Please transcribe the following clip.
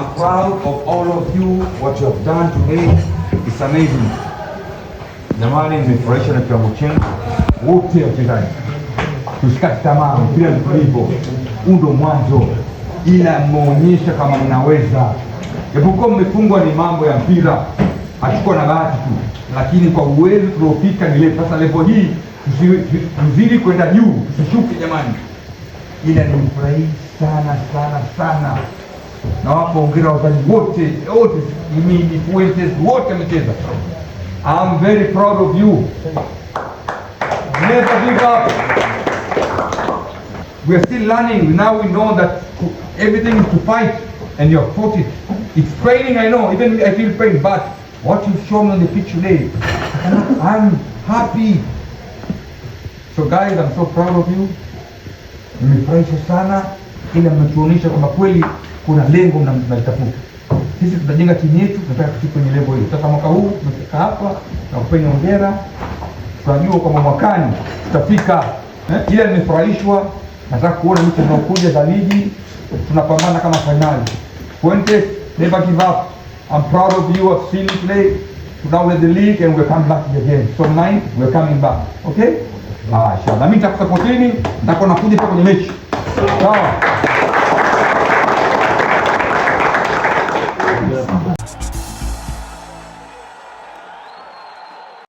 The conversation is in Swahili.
I'm proud of all of you what you have done today. is amazing. Jamani, nimefurahishwa na kiwango chenu wote wachezaji, tusikate tamaa, mpira mtulivo, huu ndo mwanzo, ila mmeonyesha kama mnaweza. Japokuwa mmefungwa ni mambo ya mpira, hatukuwa na bahati tu, lakini kwa uwezo tuliofika nile sasa level hii, tuzidi kwenda juu, tusishuke jamani, ila nimfurahii sana sana sana na wapo hongera wazazi wote wote, wote mcheza. I'm very proud of you. Never give up. We are still learning. Now we know that everything is to fight and you have fought it. It's training, I know. Even I feel pain, but what you show me on the pitch today, I'm happy. So guys, I'm so proud of you. Nimefurahishwa sana ila mmetuonyesha kwamba kweli kuna lengo mnalitafuta. Sisi tutajenga timu yetu, tunataka tufike kwenye lengo hilo. Sasa mwaka huu tumefika hapa na kupeni hongera, tunajua kwamba mwakani tutafika. Eh, ila nimefurahishwa, nataka kuona mtu zinazokuja za ligi tunapambana kama fainali. Fuentes, never give up. I'm proud of you. of seeing play. Now with the league and we'll come back again. So mind, we're coming back. Okay? Ah, inshallah. Mimi nitakusapotini, nitakuwa nakuja kwenye mechi. Sawa.